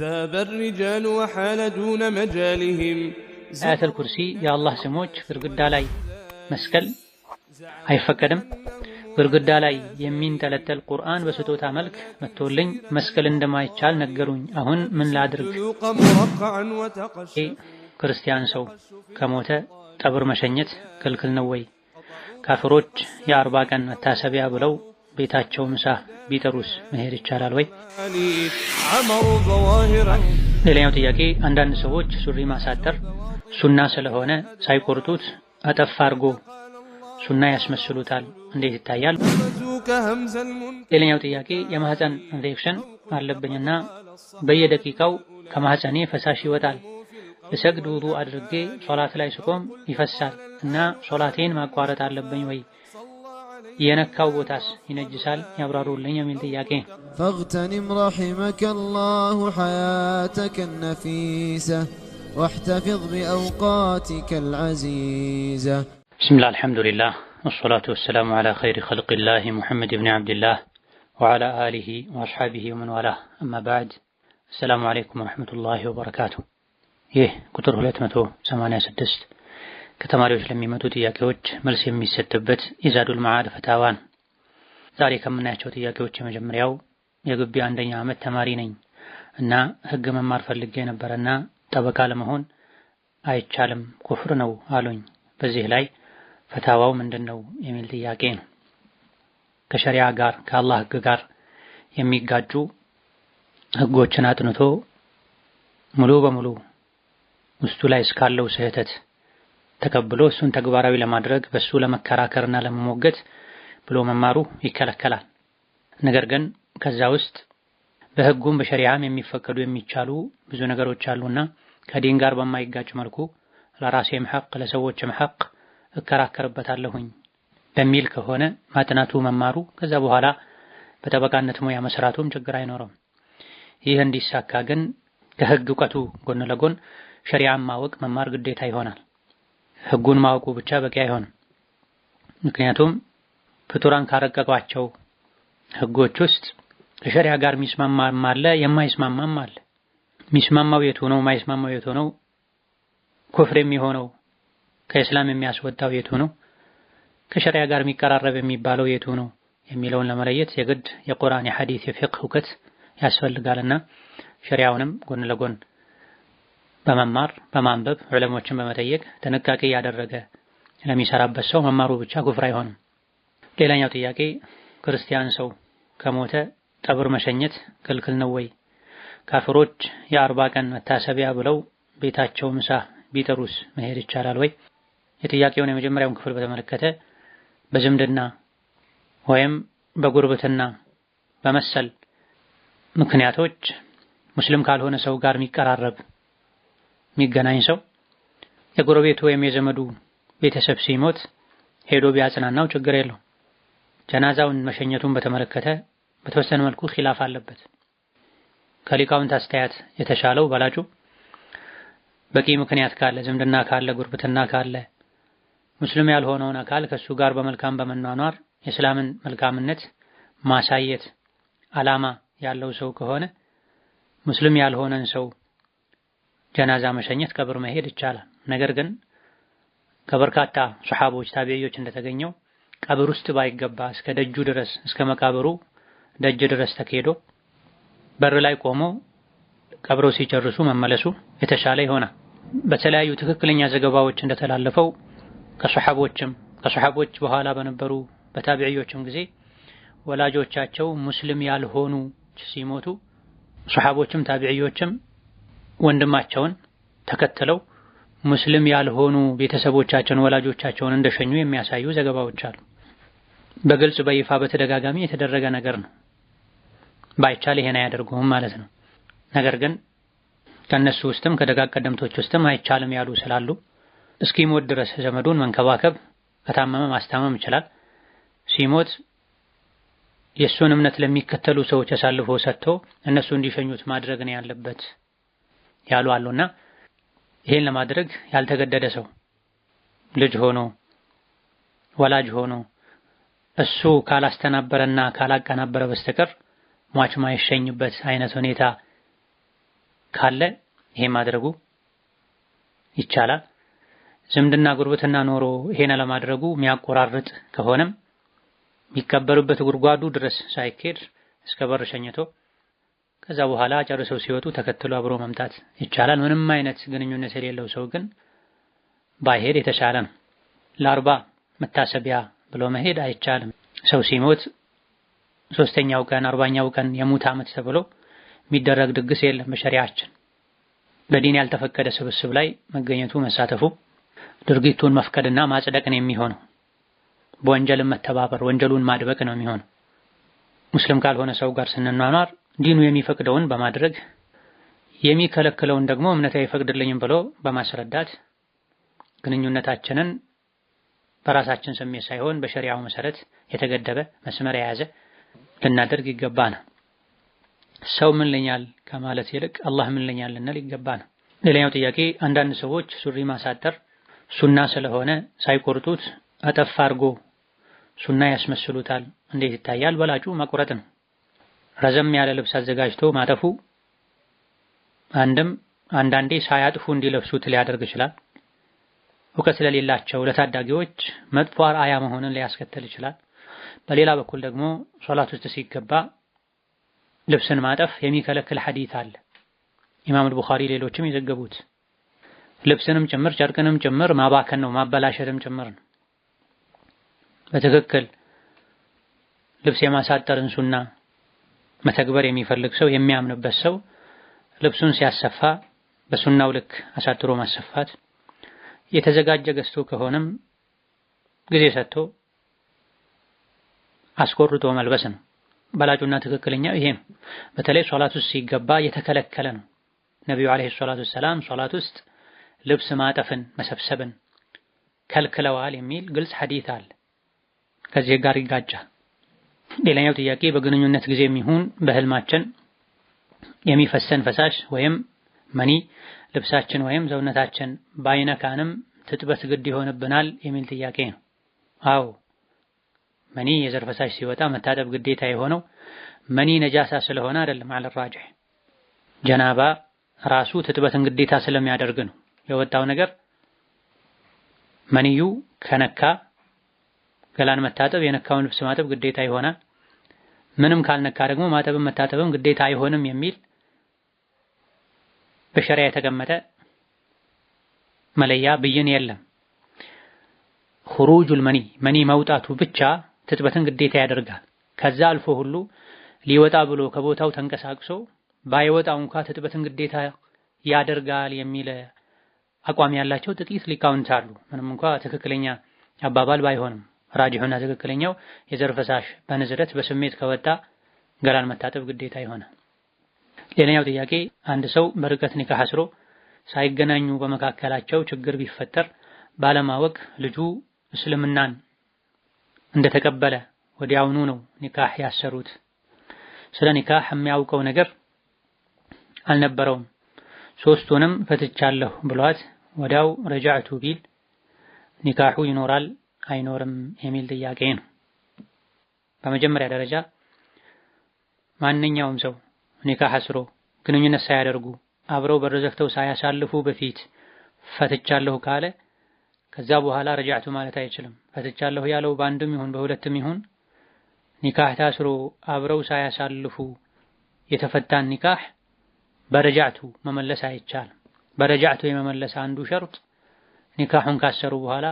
ذهب الرجال وحال دون مجالهم አያተል ኩርሲ የአላህ ስሞች ግድግዳ ላይ መስቀል አይፈቀድም። ግድግዳ ላይ የሚንጠለጠል ቁርአን በስጦታ መልክ መጥቶልኝ መስቀል እንደማይቻል ነገሩኝ። አሁን ምን ላድርግ? ክርስቲያን ሰው ከሞተ ጠብር መሸኘት ክልክል ነው ወይ? ካፍሮች የአርባ ቀን መታሰቢያ ብለው ቤታቸው ምሳ ቢጠሩስ መሄድ ይቻላል ወይ? ሌላኛው ጥያቄ አንዳንድ ሰዎች ሱሪ ማሳጠር ሱና ስለሆነ ሳይቆርጡት አጠፍ አድርጎ ሱና ያስመስሉታል። እንዴት ይታያል? ሌላኛው ጥያቄ የማህፀን ኢንፌክሽን አለብኝና በየደቂቃው ከማህፀኔ ፈሳሽ ይወጣል። እሰግድ ውዱ አድርጌ ሶላት ላይ ስቆም ይፈሳል እና ሶላቴን ማቋረጥ አለብኝ ወይ? የነካው ቦታስ ይነጅሳል? ያብራሩልኝ የሚል ጥያቄ። فاغتنم رحمك الله حياتك النفيسة واحتفظ بأوقاتك العزيزة بسم الله الحمد لله والصلاة والسلام على خير خلق الله محمد بن عبد الله وعلى آله وأصحابه ومن والاه أما بعد السلام عليكم ورحمة الله وبركاته ይህ سمعنا سدست ከተማሪዎች ለሚመጡ ጥያቄዎች መልስ የሚሰጥበት የዛዱል መዓድ ፈታዋ ነው። ዛሬ ከምናያቸው ጥያቄዎች የመጀመሪያው የግቢ አንደኛ ዓመት ተማሪ ነኝ እና ህግ መማር ፈልጌ ነበረና ጠበቃ ለመሆን አይቻልም ኩፍር ነው አሉኝ። በዚህ ላይ ፈታዋው ምንድን ነው የሚል ጥያቄ ነው። ከሸሪያ ጋር ከአላህ ህግ ጋር የሚጋጩ ህጎችን አጥንቶ ሙሉ በሙሉ ውስጡ ላይ እስካለው ስህተት ተቀብሎ እሱን ተግባራዊ ለማድረግ በሱ ለመከራከርና ለመሞገት ብሎ መማሩ ይከለከላል። ነገር ግን ከዛ ውስጥ በህጉም በሸሪዓም የሚፈቀዱ የሚቻሉ ብዙ ነገሮች አሉና ከዲን ጋር በማይጋጭ መልኩ ለራሴም ሐቅ ለሰዎችም ሐቅ እከራከርበታለሁኝ በሚል ከሆነ ማጥናቱ መማሩ፣ ከዛ በኋላ በጠበቃነት ሙያ መስራቱም ችግር አይኖረም። ይህ እንዲሳካ ግን ከህግ እውቀቱ ጎን ለጎን ሸሪዓን ማወቅ መማር ግዴታ ይሆናል። ህጉን ማወቁ ብቻ በቂ አይሆንም። ምክንያቱም ፍጡራን ካረቀቋቸው ህጎች ውስጥ ከሸሪያ ጋር የሚስማማም አለ፣ የማይስማማም አለ። የሚስማማው የቱ ነው? የማይስማማው የቱ ነው? ኩፍር የሚሆነው ከእስላም የሚያስወጣው የቱ ነው? ከሸሪያ ጋር የሚቀራረብ የሚባለው የቱ ነው የሚለውን ለመለየት የግድ የቁርአን የሐዲስ የፊቅህ እውቀት ያስፈልጋልና ሸሪያውንም ጎን ለጎን በመማር በማንበብ ዕለሞችን በመጠየቅ ጥንቃቄ ያደረገ ለሚሰራበት ሰው መማሩ ብቻ ኩፍር አይሆንም። ሌላኛው ጥያቄ ክርስቲያን ሰው ከሞተ ቀብር መሸኘት ክልክል ነው ወይ? ካፍሮች የአርባ ቀን መታሰቢያ ብለው ቤታቸው ምሳ ቢጠሩስ መሄድ ይቻላል ወይ? የጥያቄውን የመጀመሪያውን ክፍል በተመለከተ በዝምድና ወይም በጉርብትና በመሰል ምክንያቶች ሙስሊም ካልሆነ ሰው ጋር የሚቀራረብ የሚገናኝ ሰው የጎረቤቱ ወይም የዘመዱ ቤተሰብ ሲሞት ሄዶ ቢያጽናናው ችግር የለው። ጀናዛውን መሸኘቱን በተመለከተ በተወሰነ መልኩ ኺላፍ አለበት። ከሊቃውንት አስተያየት የተሻለው በላጩ በቂ ምክንያት ካለ ዝምድና ካለ ጉርብትና ካለ ሙስሊም ያልሆነውን አካል ከሱ ጋር በመልካም በመኗኗር የእስላምን መልካምነት ማሳየት ዓላማ ያለው ሰው ከሆነ ሙስሊም ያልሆነን ሰው ጀናዛ መሸኘት ቀብር መሄድ ይቻላል። ነገር ግን ከበርካታ ሰሓቦች ታቢዮች እንደተገኘው ቀብር ውስጥ ባይገባ እስከ ደጁ ድረስ እስከ መቃብሩ ደጅ ድረስ ተካሄዶ በር ላይ ቆሞ ቀብረው ሲጨርሱ መመለሱ የተሻለ ይሆናል። በተለያዩ ትክክለኛ ዘገባዎች እንደተላለፈው ከሰሓቦችም ከሰሓቦች በኋላ በነበሩ በታቢዕዮችም ጊዜ ወላጆቻቸው ሙስሊም ያልሆኑ ሲሞቱ ሰሓቦችም ታቢዕዮችም ወንድማቸውን ተከትለው ሙስሊም ያልሆኑ ቤተሰቦቻቸውን ወላጆቻቸውን እንደሸኙ የሚያሳዩ ዘገባዎች አሉ። በግልጽ በይፋ በተደጋጋሚ የተደረገ ነገር ነው። ባይቻል ይሄን አያደርጉም ማለት ነው። ነገር ግን ከነሱ ውስጥም ከደጋግ ቀደምቶች ውስጥም አይቻልም ያሉ ስላሉ እስኪሞት ድረስ ዘመዱን መንከባከብ ከታመመ ማስታመም ይችላል። ሲሞት የእሱን እምነት ለሚከተሉ ሰዎች አሳልፎ ሰጥቶ እነሱ እንዲሸኙት ማድረግ ነው ያለበት። ያሉ አሉና ይሄን ለማድረግ ያልተገደደ ሰው ልጅ ሆኖ ወላጅ ሆኖ እሱ ካላስተናበረና ካላቀናበረ በስተቀር ሟች ማይሸኝበት አይነት ሁኔታ ካለ ይሄ ማድረጉ ይቻላል። ዝምድና ጉርብትና ኖሮ ይሄን ለማድረጉ የሚያቆራርጥ ከሆነም የሚቀበሩበት ጉድጓዱ ድረስ ሳይኬድ እስከ በር ሸኝቶ ከዛ በኋላ ጨርሰው ሲወጡ ተከትሎ አብሮ መምጣት ይቻላል። ምንም አይነት ግንኙነት የሌለው ሰው ግን ባይሄድ የተሻለ ነው። ለአርባ መታሰቢያ ብሎ መሄድ አይቻልም። ሰው ሲሞት ሶስተኛው ቀን አርባኛው ቀን የሙት ዓመት ተብሎ የሚደረግ ድግስ የለም በሸሪያችን። በዲን ያልተፈቀደ ስብስብ ላይ መገኘቱ መሳተፉ ድርጊቱን መፍቀድና ማጽደቅ ነው የሚሆነው። በወንጀልን መተባበር ወንጀሉን ማድበቅ ነው የሚሆነው። ሙስሊም ካልሆነ ሰው ጋር ስንኗኗር ዲኑ የሚፈቅደውን በማድረግ የሚከለክለውን ደግሞ እምነት አይፈቅድልኝም ብሎ በማስረዳት ግንኙነታችንን በራሳችን ስሜት ሳይሆን በሸሪያው መሰረት የተገደበ መስመር የያዘ ልናደርግ ነው። ሰው ምን ልኛል ከማለት ይልቅ አላህ ምን ልኛል ልንል ነው። ሌላኛው ጥያቄ አንዳንድ ሰዎች ሱሪ ማሳጠር ሱና ስለሆነ ሳይቆርጡት አጠፍ አድርጎ ሱና ያስመስሉታል። እንዴት ይታያል? በላጩ መቁረጥ ነው። ረዘም ያለ ልብስ አዘጋጅቶ ማጠፉ አንድም አንዳንዴ ሳያጥፉ እንዲለብሱት ሊያደርግ ይችላል። እውቀት ስለሌላቸው ለታዳጊዎች መጥፎ አርአያ መሆንን ሊያስከትል ይችላል። በሌላ በኩል ደግሞ ሶላት ውስጥ ሲገባ ልብስን ማጠፍ የሚከለክል ሐዲት አለ። ኢማም አልቡኻሪ ሌሎችም የዘገቡት ልብስንም ጭምር ጨርቅንም ጭምር ማባከን ነው ማበላሸትም ጭምር ነው። በትክክል ልብስ የማሳጠርን ሱና መተግበር የሚፈልግ ሰው የሚያምንበት ሰው ልብሱን ሲያሰፋ በሱናው ልክ አሳትሮ ማሰፋት፣ የተዘጋጀ ገዝቶ ከሆነም ጊዜ ሰጥቶ አስቆርጦ መልበስ ነው። በላጩና ትክክለኛ ይሄ ነው። በተለይ ሶላት ውስጥ ሲገባ የተከለከለ ነው። ነቢዩ አለይሂ ሰላቱ ወሰላም ሶላት ውስጥ ልብስ ማጠፍን መሰብሰብን ከልክለዋል የሚል ግልጽ ሐዲት አለ። ከዚህ ጋር ይጋጫል። ሌላኛው ጥያቄ በግንኙነት ጊዜ የሚሆን በህልማችን የሚፈሰን ፈሳሽ ወይም መኒ ልብሳችን ወይም ሰውነታችን ባይነካንም ትጥበት ግድ ይሆንብናል የሚል ጥያቄ ነው። አዎ መኒ የዘር ፈሳሽ ሲወጣ መታጠብ ግዴታ የሆነው መኒ ነጃሳ ስለሆነ አይደለም። አለራጅሕ ጀናባ ራሱ ትጥበትን ግዴታ ስለሚያደርግ ነው። የወጣው ነገር መኒዩ ከነካ ገላን መታጠብ የነካውን ልብስ ማጠብ ግዴታ ይሆናል። ምንም ካልነካ ደግሞ ማጠብም መታጠብም ግዴታ አይሆንም የሚል በሸሪያ የተቀመጠ መለያ ብይን የለም። ሁሩጁል መኒ መኒ መውጣቱ ብቻ ትጥበትን ግዴታ ያደርጋል። ከዛ አልፎ ሁሉ ሊወጣ ብሎ ከቦታው ተንቀሳቅሶ ባይወጣው እንኳ ትጥበትን ግዴታ ያደርጋል የሚል አቋም ያላቸው ጥቂት ሊቃውንት አሉ። ምንም እንኳ ትክክለኛ አባባል ባይሆንም ራጅሑና ትክክለኛው የዘር ፈሳሽ በንዝረት በስሜት ከወጣ ገላን መታጠብ ግዴታ ይሆናል። ሌላኛው ጥያቄ አንድ ሰው በርቀት ኒካህ አስሮ ሳይገናኙ በመካከላቸው ችግር ቢፈጠር ባለማወቅ ልጁ እስልምናን እንደተቀበለ ወዲያውኑ ነው ኒካህ ያሰሩት። ስለ ኒካህ የሚያውቀው ነገር አልነበረውም። ሶስቱንም ፈትቻለሁ ብሏት ወዲያው ረጃዕቱ ቢል ኒካሁ ይኖራል አይኖርም የሚል ጥያቄ ነው። በመጀመሪያ ደረጃ ማንኛውም ሰው ኒካህ አስሮ ግንኙነት ሳያደርጉ አብረው በር ዘግተው ሳያሳልፉ በፊት ፈትቻለሁ ካለ ከዛ በኋላ ረጃዕቱ ማለት አይችልም። ፈትቻለሁ ያለው በአንድም ይሁን በሁለትም ይሁን ኒካህ ታስሮ አብረው ሳያሳልፉ የተፈታን ኒካህ በረጃዕቱ መመለስ አይቻልም። በረጃዕቱ የመመለስ አንዱ ሸርጥ ኒካሁን ካሰሩ በኋላ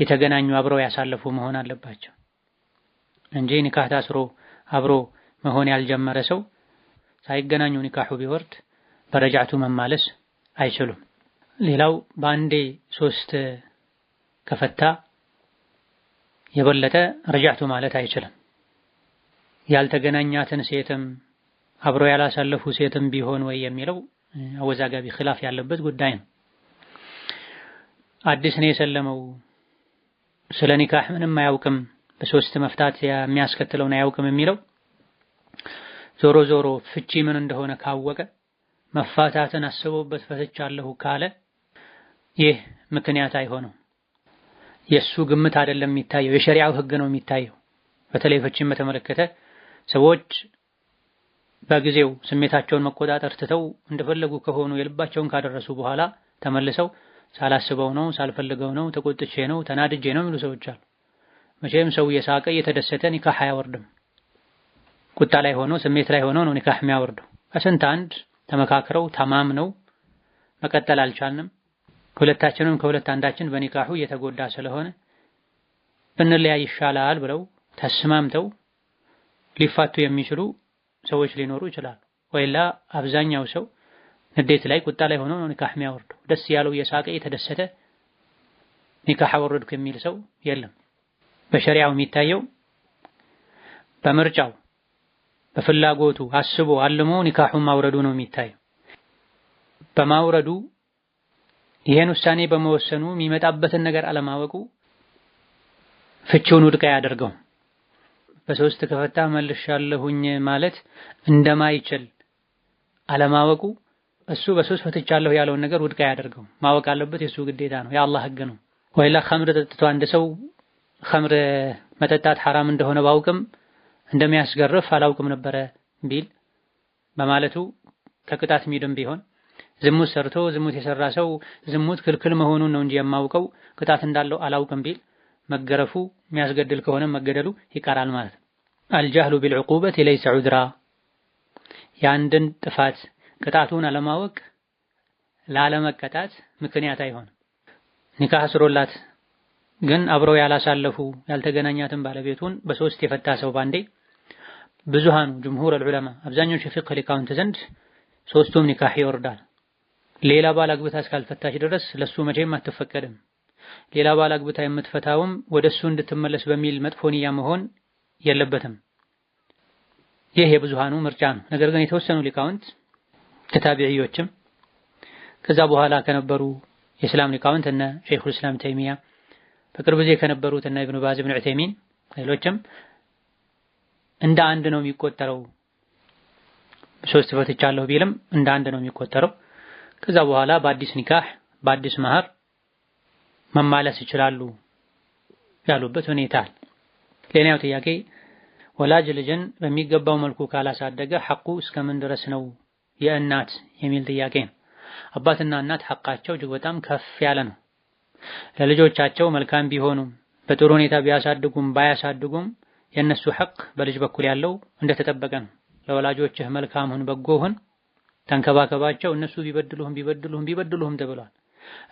የተገናኙ አብረው ያሳለፉ መሆን አለባቸው እንጂ ኒካህ ታስሮ አብሮ መሆን ያልጀመረ ሰው ሳይገናኙ ኒካሁ ቢወርድ በረጃዕቱ መማለስ አይችሉም። ሌላው በአንዴ ሶስት ከፈታ የበለጠ ረጃዕቱ ማለት አይችልም። ያልተገናኛትን ሴትም አብሮ ያላሳለፉ ሴትም ቢሆን ወይ የሚለው አወዛጋቢ ኺላፍ ያለበት ጉዳይ ነው። አዲስ ነው የሰለመው ስለ ኒካህ ምንም አያውቅም፣ በሶስት መፍታት የሚያስከትለውን አያውቅም የሚለው ዞሮ ዞሮ ፍቺ ምን እንደሆነ ካወቀ መፋታትን አስቦበት ፈትቻለሁ ካለ ይህ ምክንያት አይሆነው። የሱ ግምት አይደለም የሚታየው፣ የሸሪዓው ህግ ነው የሚታየው። በተለይ ፍቺን በተመለከተ ሰዎች በጊዜው ስሜታቸውን መቆጣጠር ትተው እንደፈለጉ ከሆኑ የልባቸውን ካደረሱ በኋላ ተመልሰው ሳላስበው ነው፣ ሳልፈልገው ነው፣ ተቆጥቼ ነው፣ ተናድጄ ነው የሚሉ ሰዎች አሉ። መቼም ሰው እየሳቀ እየተደሰተ ኒካህ አያወርድም። ቁጣ ላይ ሆኖ ስሜት ላይ ሆኖ ነው ኒካህ የሚያወርደው። ከስንት አንድ ተመካክረው ተማምነው መቀጠል አልቻልንም፣ ሁለታችንም ከሁለት አንዳችን በኒካሁ እየተጎዳ ስለሆነ ብንለያይ ይሻላል ብለው ተስማምተው ሊፋቱ የሚችሉ ሰዎች ሊኖሩ ይችላሉ። ወይላ አብዛኛው ሰው ንዴት ላይ ቁጣ ላይ ሆኖ ነው ኒካህ የሚያወርደው። ደስ ያለው የሳቀ የተደሰተ ኒካህ አወረድኩ የሚል ሰው የለም። በሸሪያው የሚታየው በምርጫው በፍላጎቱ አስቦ አልሞ ኒካሁን ማውረዱ ነው የሚታየው። በማውረዱ ይሄን ውሳኔ በመወሰኑ የሚመጣበትን ነገር አለማወቁ ፍቺውን ውድቅ ያደርገው። በሶስት ከፈታ መልሻለሁኝ ማለት እንደማይችል አለማወቁ እሱ በሱስ ፈትቻለሁ ያለውን ነገር ውድቅ አያደርገው። ማወቅ አለበት የእሱ ግዴታ ነው፣ የአላህ ህግ ነው። ወይላ ኸምር ጠጥቶ አንድ ሰው ኸምር መጠጣት ሐራም እንደሆነ ባውቅም እንደሚያስገርፍ አላውቅም ነበረ ቢል በማለቱ ከቅጣት ሚድም ቢሆን ዝሙት ሰርቶ ዝሙት የሰራ ሰው ዝሙት ክልክል መሆኑን ነው እንጂ የማውቀው ቅጣት እንዳለው አላውቅም ቢል መገረፉ የሚያስገድል ከሆነ መገደሉ ይቀራል ማለት ነው። አልጃህሉ ቢልዕቁበት ለይሰ ዑድራ የአንድን ጥፋት ቅጣቱን አለማወቅ ላለመቀጣት ምክንያት አይሆንም። ኒካህ አስሮላት ግን አብረው ያላሳለፉ ያልተገናኛትን ባለቤቱን በሶስት የፈታ ሰው ባንዴ ብዙሃኑ ጅምሁር አልዑለማ አብዛኞቹ የፊቅህ ሊቃውንት ዘንድ ሶስቱም ኒካህ ይወርዳል። ሌላ ባል አግብታ እስካልፈታች ድረስ ለሱ መቼም አትፈቀድም። ሌላ ባል አግብታ የምትፈታውም ወደ እሱ እንድትመለስ በሚል መጥፎ ንያ መሆን የለበትም። ይህ የብዙሃኑ ምርጫ ነው። ነገር ግን የተወሰኑ ሊቃውንት ከታቢዕዮችም ከዛ በኋላ ከነበሩ የእስላም ሊቃውንት እነ ሸይኹል እስላም ተይሚያ በቅርብ ጊዜ ከነበሩት እነ ኢብኑ ባዝ፣ ኢብኑ ዑሰይሚን ሌሎችም እንደ አንድ ነው የሚቆጠረው። ሶስት ፈትቻለሁ ቢልም እንደ አንድ ነው የሚቆጠረው። ከዛ በኋላ በአዲስ ኒካህ በአዲስ መህር መማለስ ይችላሉ ያሉበት ሁኔታ። ሌላው ጥያቄ ወላጅ ልጅን በሚገባው መልኩ ካላሳደገ ሐቁ እስከምን ድረስ ነው? የእናት የሚል ጥያቄ ነው። አባትና እናት ሐቃቸው እጅግ በጣም ከፍ ያለ ነው። ለልጆቻቸው መልካም ቢሆኑም በጥሩ ሁኔታ ቢያሳድጉም ባያሳድጉም የእነሱ ሐቅ በልጅ በኩል ያለው እንደተጠበቀ ነው። ለወላጆችህ መልካም ሁን፣ በጎ ሁን፣ ተንከባከባቸው። እነሱ ቢበድሉህም ቢበድሉህም ቢበድሉህም ተብሏል።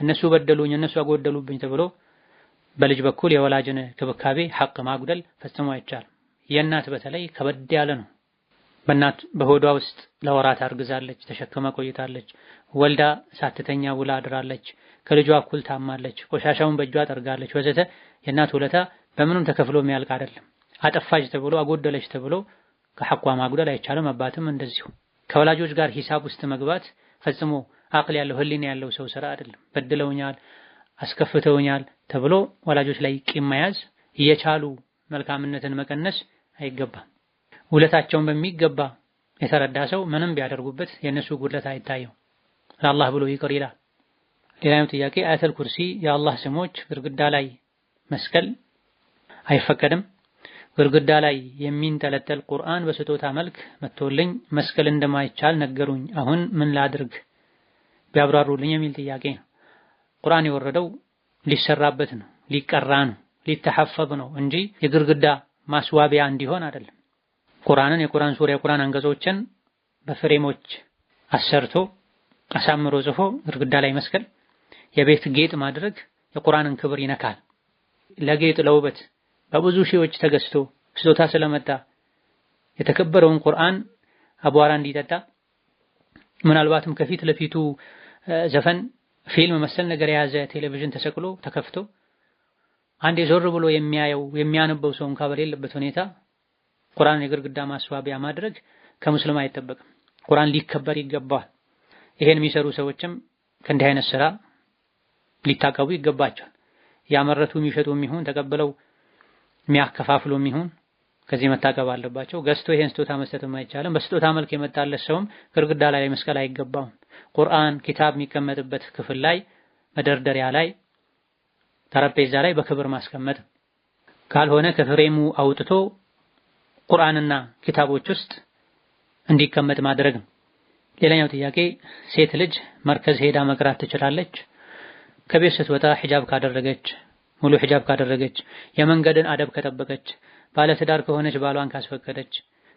እነሱ በደሉኝ፣ እነሱ አጎደሉብኝ ተብሎ በልጅ በኩል የወላጅን ክብካቤ ሐቅ ማጉደል ፈጽሞ አይቻልም። የእናት በተለይ ከበድ ያለ ነው። በእናት በሆዷ ውስጥ ለወራት አርግዛለች፣ ተሸክማ ቆይታለች። ወልዳ ሳትተኛ ውላ አድራለች። ከልጇ እኩል ታማለች፣ ቆሻሻውን በእጇ ጠርጋለች ወዘተ። የእናት ውለታ በምንም ተከፍሎ የሚያልቅ አይደለም። አጠፋች ተብሎ አጎደለች ተብሎ ከሐቋ ማጉደል አይቻልም። አባትም እንደዚሁ ከወላጆች ጋር ሂሳብ ውስጥ መግባት ፈጽሞ አቅል ያለው ህሊና ያለው ሰው ስራ አይደለም። በድለውኛል፣ አስከፍተውኛል ተብሎ ወላጆች ላይ ቂም መያዝ እየቻሉ መልካምነትን መቀነስ አይገባም። ውለታቸውን በሚገባ የተረዳ ሰው ምንም ቢያደርጉበት የእነሱ ጉድለት አይታየው፣ ለአላህ ብሎ ይቅር ይላል። ሌላኛው ጥያቄ አያተል ኩርሲ የአላህ ስሞች ግድግዳ ላይ መስቀል አይፈቀድም። ግድግዳ ላይ የሚንጠለጠል ቁርአን በስጦታ መልክ መጥቶልኝ መስቀል እንደማይቻል ነገሩኝ። አሁን ምን ላድርግ ቢያብራሩልኝ የሚል ጥያቄ ነው። ቁርአን የወረደው ሊሰራበት ነው፣ ሊቀራ ነው፣ ሊተሐፈብ ነው እንጂ የግድግዳ ማስዋቢያ እንዲሆን አይደለም። ቁርአንን የቁርአን ሱሪያ የቁርአን አንቀጾችን በፍሬሞች አሰርቶ አሳምሮ ጽፎ ግድግዳ ላይ መስቀል፣ የቤት ጌጥ ማድረግ የቁርአንን ክብር ይነካል። ለጌጥ ለውበት በብዙ ሺዎች ተገዝቶ ስጦታ ስለመጣ የተከበረውን ቁርአን አቧራ እንዲጠጣ ምናልባትም ከፊት ለፊቱ ዘፈን፣ ፊልም መሰል ነገር የያዘ ቴሌቪዥን ተሰቅሎ ተከፍቶ አንድ የዞር ብሎ የሚያየው የሚያነበው ሰው እንኳ በሌለበት ሁኔታ ቁርአን የግድግዳ ማስዋቢያ ማድረግ ከሙስሊም አይጠበቅም። ቁርአን ሊከበር ይገባል። ይሄን የሚሰሩ ሰዎችም ከእንዲህ አይነት ስራ ሊታቀቡ ይገባቸዋል። ያመረቱ የሚሸጡ የሚሆን ተቀብለው የሚያከፋፍሉ የሚሆን ከዚህ መታቀብ አለባቸው። ገዝቶ ይሄን ስጦታ መስጠትም አይቻልም። በስጦታ መልክ የመጣለት ሰውም ግድግዳ ላይ መስቀል አይገባውም። ቁርአን ኪታብ የሚቀመጥበት ክፍል ላይ፣ መደርደሪያ ላይ፣ ጠረጴዛ ላይ በክብር ማስቀመጥ ካልሆነ ከፍሬሙ አውጥቶ ቁርአንና ኪታቦች ውስጥ እንዲቀመጥ ማድረግ ነው። ሌላኛው ጥያቄ ሴት ልጅ መርከዝ ሄዳ መቅራት ትችላለች? ከቤት ስትወጣ ሒጃብ ካደረገች ሙሉ ሒጃብ ካደረገች የመንገድን አደብ ከጠበቀች ባለትዳር ከሆነች ባሏን ካስፈቀደች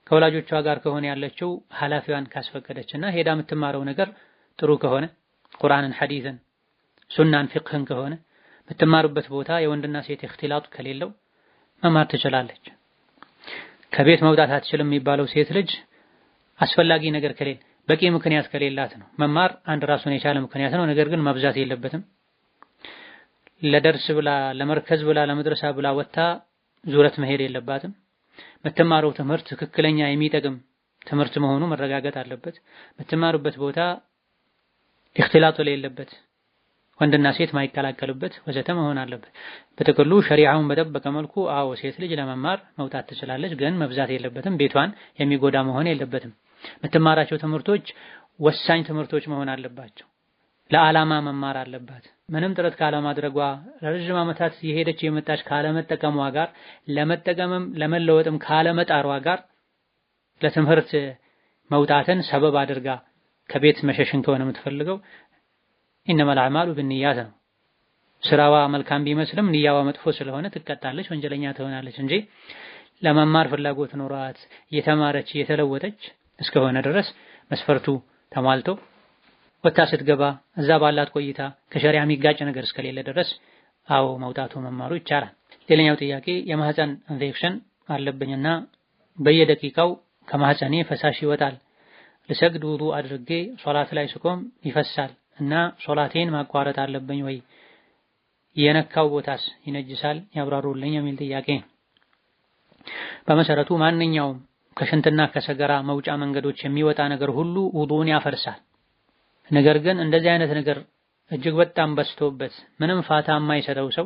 ከወላጆቿ ጋር ከሆነ ያለችው ኃላፊዋን ካስፈቀደች እና ሄዳ የምትማረው ነገር ጥሩ ከሆነ ቁርአንን፣ ሐዲስን፣ ሱናን፣ ፊቅህን ከሆነ የምትማሩበት ቦታ የወንድና ሴት እክትላጡ ከሌለው መማር ትችላለች። ከቤት መውጣት አትችልም የሚባለው ሴት ልጅ አስፈላጊ ነገር ከሌለ በቂ ምክንያት ከሌላት ነው። መማር አንድ ራሱን የቻለ ምክንያት ነው። ነገር ግን መብዛት የለበትም። ለደርስ ብላ ለመርከዝ ብላ ለመድረሳ ብላ ወጥታ ዙረት መሄድ የለባትም። የምትማረው ትምህርት ትክክለኛ የሚጠቅም ትምህርት መሆኑ መረጋገጥ አለበት። የምትማሩበት ቦታ ኢኽቲላጥ የለበት ወንድና ሴት ማይቀላቀልበት ወዘተ መሆን አለበት። በጥቅሉ ሸሪዓውን በጠበቀ መልኩ አዎ ሴት ልጅ ለመማር መውጣት ትችላለች፣ ግን መብዛት የለበትም። ቤቷን የሚጎዳ መሆን የለበትም። የምትማራቸው ትምህርቶች ወሳኝ ትምህርቶች መሆን አለባቸው። ለዓላማ መማር አለባት። ምንም ጥረት ካለማድረጓ ለረዥም ዓመታት የሄደች የመጣች ካለመጠቀሟ ጋር ለመጠቀምም ለመለወጥም ካለመጣሯ ጋር ለትምህርት መውጣትን ሰበብ አድርጋ ከቤት መሸሽን ከሆነ የምትፈልገው ኢነመል አዕማሉ ብንያት ነው። ስራዋ መልካም ቢመስልም ንያዋ መጥፎ ስለሆነ ትቀጣለች፣ ወንጀለኛ ትሆናለች እንጂ ለመማር ፍላጎት ኖሯት እየተማረች እየተለወጠች እስከሆነ ድረስ መስፈርቱ ተሟልቶ ወታ ስትገባ እዛ ባላት ቆይታ ከሸሪያ የሚጋጭ ነገር እስከሌለ ድረስ አዎ መውጣቱ መማሩ ይቻላል። ሌላኛው ጥያቄ የማህፀን ኢንፌክሽን አለብኝና በየደቂቃው ከማህፀኔ ፈሳሽ ይወጣል። ልሰግድ ውዱእ አድርጌ ሶላት ላይ ስቆም ይፈሳል። እና ሶላቴን ማቋረጥ አለብኝ ወይ? የነካው ቦታስ ይነጅሳል? ያብራሩልኝ የሚል ጥያቄ። በመሰረቱ ማንኛውም ከሽንትና ከሰገራ መውጫ መንገዶች የሚወጣ ነገር ሁሉ ውዱን ያፈርሳል። ነገር ግን እንደዚህ አይነት ነገር እጅግ በጣም በዝቶበት ምንም ፋታ የማይሰጠው ሰው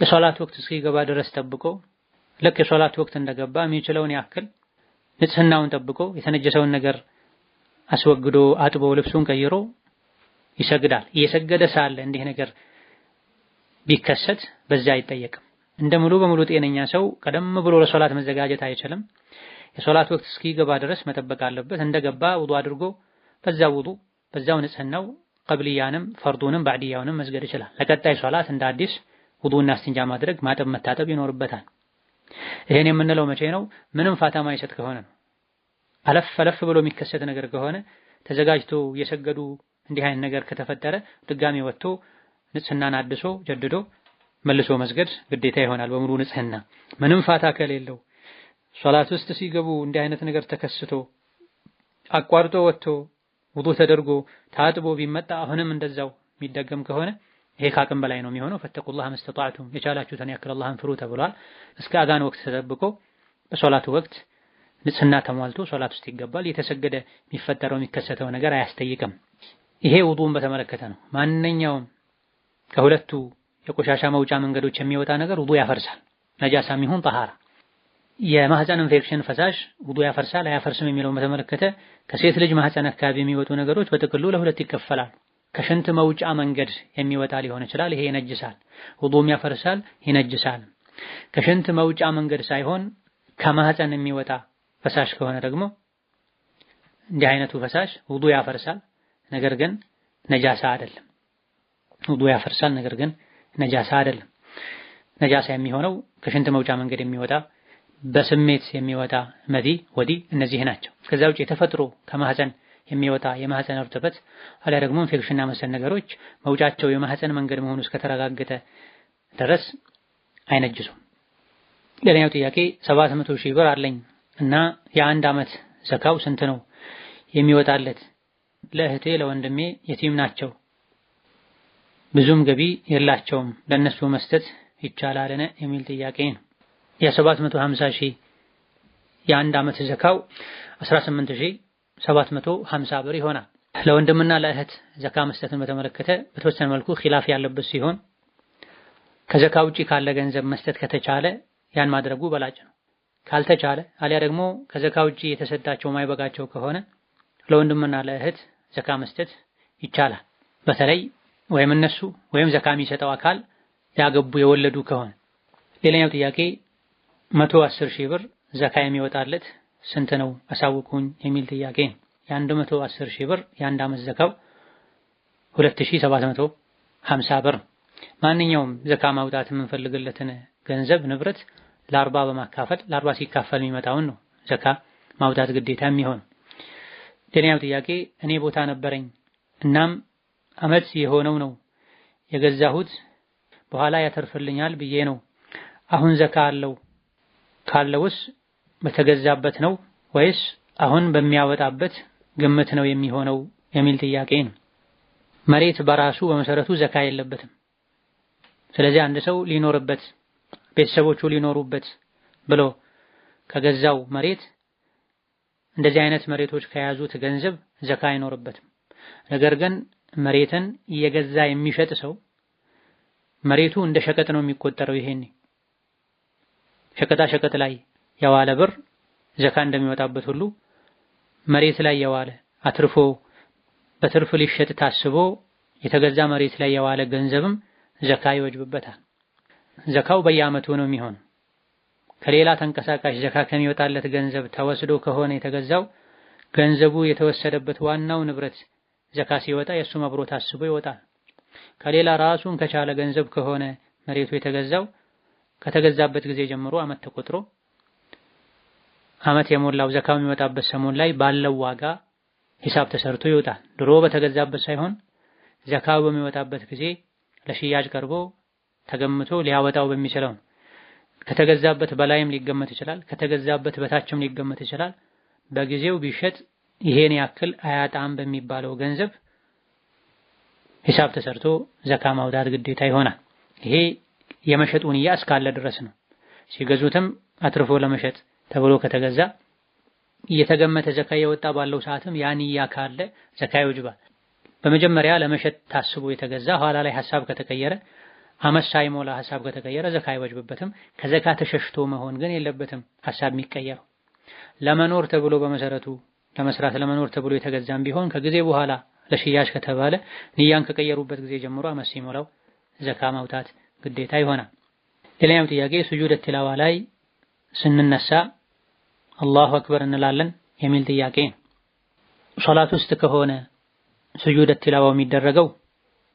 የሶላት ወቅት እስኪገባ ድረስ ጠብቆ ልክ የሶላት ወቅት እንደገባ የሚችለውን ያክል ንጽህናውን ጠብቆ የተነጀሰውን ነገር አስወግዶ አጥቦ ልብሱን ቀይሮ ይሰግዳል። እየሰገደ ሳለ እንዲህ ነገር ቢከሰት በዛ አይጠየቅም። እንደ ሙሉ በሙሉ ጤነኛ ሰው ቀደም ብሎ ለሶላት መዘጋጀት አይችልም። የሶላት ወቅት እስኪገባ ድረስ መጠበቅ አለበት። እንደገባ ውዱ አድርጎ በዛ ውዱ በዛው ንጽህናው ቀብልያንም ፈርዱንም ባዕድያውንም መስገድ ይችላል። ለቀጣይ ሶላት እንደ አዲስ ውዱና እስቲንጃ ማድረግ ማጠብ፣ መታጠብ ይኖርበታል። ይሄን የምንለው መቼ ነው? ምንም ፋታ ማይሰጥ ከሆነ ነው። አለፍ አለፍ ብሎ የሚከሰት ነገር ከሆነ ተዘጋጅቶ እየሰገዱ እንዲህ አይነት ነገር ከተፈጠረ ድጋሚ ወጥቶ ንጽህናን አድሶ ጀድዶ መልሶ መስገድ ግዴታ ይሆናል። በሙሉ ንጽህና ምንም ፋታ ከሌለው ሶላት ውስጥ ሲገቡ እንዲህ አይነት ነገር ተከስቶ አቋርጦ ወጥቶ ውዱ ተደርጎ ታጥቦ ቢመጣ አሁንም እንደዛው የሚደገም ከሆነ ይሄ ከአቅም በላይ ነው የሚሆነው። ፈተቁላህ መስተጣዕቱም የቻላችሁትን ያክል አላህን ፍሩ ተብሏል። እስከ አዛን ወቅት ተጠብቆ በሶላቱ ወቅት ንጽህና ተሟልቶ ሶላት ውስጥ ይገባል። የተሰገደ የሚፈጠረው የሚከሰተው ነገር አያስጠይቅም። ይሄ ውዱእን በተመለከተ ነው። ማንኛውም ከሁለቱ የቆሻሻ መውጫ መንገዶች የሚወጣ ነገር ውዱእ ያፈርሳል፣ ነጃሳም ይሁን ጠሃራ። የማህፀን ኢንፌክሽን ፈሳሽ ውዱእ ያፈርሳል አያፈርስም የሚለውን በተመለከተ ከሴት ልጅ ማህፀን አካባቢ የሚወጡ ነገሮች በጥቅሉ ለሁለት ይከፈላሉ። ከሽንት መውጫ መንገድ የሚወጣ ሊሆን ይችላል። ይሄ ይነጅሳል፣ ውዱእም ያፈርሳል፣ ይነጅሳል። ከሽንት መውጫ መንገድ ሳይሆን ከማህፀን የሚወጣ ፈሳሽ ከሆነ ደግሞ እንዲህ አይነቱ ፈሳሽ ውዱእ ያፈርሳል ነገር ግን ነጃሳ አይደለም። ውዱ ያፈርሳል፣ ነገር ግን ነጃሳ አይደለም። ነጃሳ የሚሆነው ከሽንት መውጫ መንገድ የሚወጣ በስሜት የሚወጣ መዲ ወዲ፣ እነዚህ ናቸው። ከዛ ውጭ የተፈጥሮ ከማህፀን የሚወጣ የማህፀን እርጥበት አሊያ ደግሞ ኢንፌክሽንና መሰል ነገሮች መውጫቸው የማህፀን መንገድ መሆኑ እስከተረጋገጠ ድረስ አይነጅሱም። ሌላኛው ጥያቄ 700 ሺህ ብር አለኝ እና የአንድ ዓመት ዘካው ስንት ነው የሚወጣለት ለእህቴ ለወንድሜ የቲም ናቸው፣ ብዙም ገቢ የላቸውም፣ ለእነሱ መስጠት ይቻላልን የሚል ጥያቄ ነው። የ750 ሺህ የአንድ ዓመት ዘካው 18750 ብር ይሆናል። ለወንድምና ለእህት ዘካ መስጠትን በተመለከተ በተወሰነ መልኩ ኺላፍ ያለበት ሲሆን ከዘካ ውጪ ካለ ገንዘብ መስጠት ከተቻለ ያን ማድረጉ በላጭ ነው። ካልተቻለ አሊያ ደግሞ ከዘካ ውጪ የተሰዳቸው ማይበቃቸው ከሆነ ለወንድምና ለእህት ዘካ መስጠት ይቻላል። በተለይ ወይም እነሱ ወይም ዘካ የሚሰጠው አካል ያገቡ የወለዱ ከሆነ። ሌላኛው ጥያቄ መቶ አስር ሺህ ብር ዘካ የሚወጣለት ስንት ነው አሳውቁኝ የሚል ጥያቄ ነው። የአንድ መቶ አስር ሺህ ብር የአንድ ዓመት ዘካው 2750 ብር። ማንኛውም ዘካ ማውጣት የምንፈልግለትን ገንዘብ ንብረት ለአርባ በማካፈል ለአርባ ሲካፈል የሚመጣውን ነው ዘካ ማውጣት ግዴታ የሚሆነው። ሌላኛው ጥያቄ እኔ ቦታ ነበረኝ እናም አመት የሆነው ነው የገዛሁት በኋላ ያተርፍልኛል ብዬ ነው። አሁን ዘካ አለው? ካለውስ በተገዛበት ነው ወይስ አሁን በሚያወጣበት ግምት ነው የሚሆነው የሚል ጥያቄ ነው። መሬት በራሱ በመሰረቱ ዘካ የለበትም። ስለዚህ አንድ ሰው ሊኖርበት ቤተሰቦቹ ሊኖሩበት ብሎ ከገዛው መሬት እንደዚህ አይነት መሬቶች ከያዙት ገንዘብ ዘካ አይኖርበትም። ነገር ግን መሬትን እየገዛ የሚሸጥ ሰው መሬቱ እንደ ሸቀጥ ነው የሚቆጠረው። ይሄኔ ሸቀጣ ሸቀጥ ላይ የዋለ ብር ዘካ እንደሚወጣበት ሁሉ መሬት ላይ የዋለ አትርፎ በትርፍ ሊሸጥ ታስቦ የተገዛ መሬት ላይ የዋለ ገንዘብም ዘካ ይወጅብበታል። ዘካው በየዓመቱ ነው የሚሆነው። ከሌላ ተንቀሳቃሽ ዘካ ከሚወጣለት ገንዘብ ተወስዶ ከሆነ የተገዛው ገንዘቡ የተወሰደበት ዋናው ንብረት ዘካ ሲወጣ የእሱም አብሮ ታስቦ ይወጣል። ከሌላ ራሱን ከቻለ ገንዘብ ከሆነ መሬቱ የተገዛው ከተገዛበት ጊዜ ጀምሮ አመት ተቆጥሮ አመት የሞላው ዘካ የሚወጣበት ሰሞን ላይ ባለው ዋጋ ሂሳብ ተሰርቶ ይወጣል። ድሮ በተገዛበት ሳይሆን ዘካው በሚወጣበት ጊዜ ለሽያጭ ቀርቦ ተገምቶ ሊያወጣው በሚችለው ነው። ከተገዛበት በላይም ሊገመት ይችላል፣ ከተገዛበት በታችም ሊገመት ይችላል። በጊዜው ቢሸጥ ይሄን ያክል አያጣም በሚባለው ገንዘብ ሂሳብ ተሰርቶ ዘካ ማውጣት ግዴታ ይሆናል። ይሄ የመሸጡ ንያ እስካለ ድረስ ነው። ሲገዙትም አትርፎ ለመሸጥ ተብሎ ከተገዛ እየተገመተ ዘካ የወጣ ባለው ሰዓትም ያ ንያ ካለ ዘካ ይውጅባል። በመጀመሪያ ለመሸጥ ታስቦ የተገዛ ኋላ ላይ ሐሳብ ከተቀየረ አመት ሳይሞላ ሐሳብ ከተቀየረ ዘካ አይወጅብበትም። ከዘካ ተሸሽቶ መሆን ግን የለበትም። ሐሳብ የሚቀየረው ለመኖር ተብሎ በመሰረቱ ለመስራት ለመኖር ተብሎ የተገዛም ቢሆን ከጊዜ በኋላ ለሽያጭ ከተባለ ንያን ከቀየሩበት ጊዜ ጀምሮ አመት ሲሞላው ዘካ ማውጣት ግዴታ ይሆናል። ሌላኛው ጥያቄ ስጁድ ትላዋ ላይ ስንነሳ አላሁ አክበር እንላለን የሚል ጥያቄ ሶላት ውስጥ ከሆነ ስጁድ ትላዋው የሚደረገው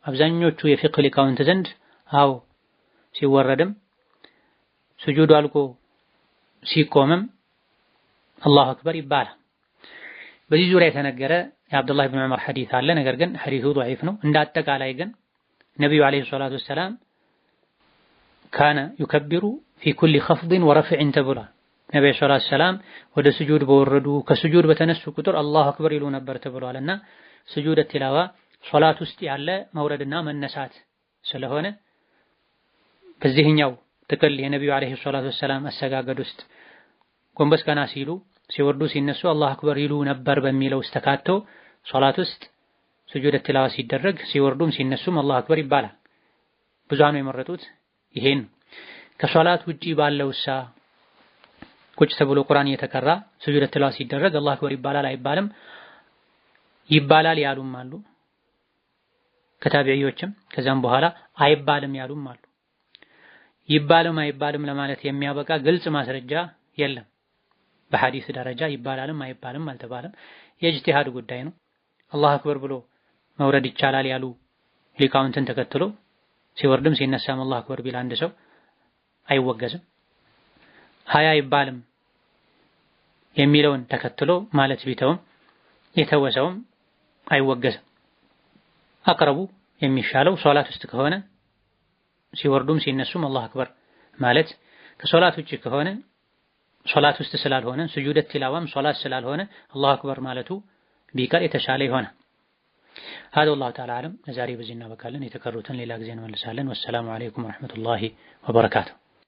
አብዛኞቹ የፊቅህ ሊቃውንት ዘንድ አዎ ሲወረድም ስጁድ አልቆ ሲቆምም አላሁ አክበር ይባላል። በዚህ ዙሪያ የተነገረ የአብዱላህ ብን ዑመር ሐዲት አለ። ነገር ግን ሐዲቱ ضعيف ነው። እንደ አጠቃላይ ግን ነቢዩ አለይሂ ሰላቱ ወሰላም ካነ ዩከብሩ ፊ ኩሊ ኸፍድን ወረፍዕን ተብሏል። ነቢ አለይሂ ሰላቱ ወሰላም ወደ ስጁድ በወረዱ ከስጁድ በተነሱ ቁጥር አላሁ አክበር ይሉ ነበር ተብሏል እና ስጁድ ቲላዋ ሶላት ውስጥ ያለ መውረድና መነሳት ስለሆነ በዚህኛው ጥቅል የነቢዩ አለይሂ ሰላቱ ወሰላም አሰጋገድ ውስጥ ጎንበስ ቀና ሲሉ ሲወርዱ ሲነሱ አላሁ አክበር ይሉ ነበር በሚለው ውስጥ ተካቶ ሶላት ውስጥ ስጁድ ትላዋ ሲደረግ ሲወርዱም ሲነሱም አላሁ አክበር ይባላል። ብዙሃኑ የመረጡት ይሄን ከሶላት ውጪ ሳ ቁጭ ተብሎ ቁርአን እየተቀራ ስጁድ ትላዋ ሲደረግ አላሁ አክበር ይባላል አይባልም? ይባላል ያሉም አሉ። ከታቢዒዎችም ከዛም በኋላ አይባልም ያሉም አሉ። ይባልም አይባልም ለማለት የሚያበቃ ግልጽ ማስረጃ የለም። በሐዲስ ደረጃ ይባላልም አይባልም አልተባለም። የእጅቲሃድ ጉዳይ ነው። አላህ አክበር ብሎ መውረድ ይቻላል ያሉ ሊቃውንትን ተከትሎ ሲወርድም ሲነሳም አላህ አክበር ቢል አንድ ሰው አይወገዝም። ሀያ አይባልም የሚለውን ተከትሎ ማለት ቢተውም የተወሰውም አይወገዝም። አቅረቡ የሚሻለው ሶላት ውስጥ ከሆነ ሲወርዱም ሲነሱም አላሁ አክበር ማለት ከሶላት ውጭ ከሆነ ሶላት ውስጥ ስላልሆነ ስጁደት ቲላዋም ሶላት ስላልሆነ አላሁ አክበር ማለቱ ቢቀር የተሻለ ይሆናል። ሀደ ወላሁ ተዓላ አለም ለዛሬ በዚህ እናበቃለን። የተቀሩትን ሌላ ጊዜ እንመልሳለን። ወሰላሙ አለይኩም ወረሕመቱላሂ ወበረካቱ።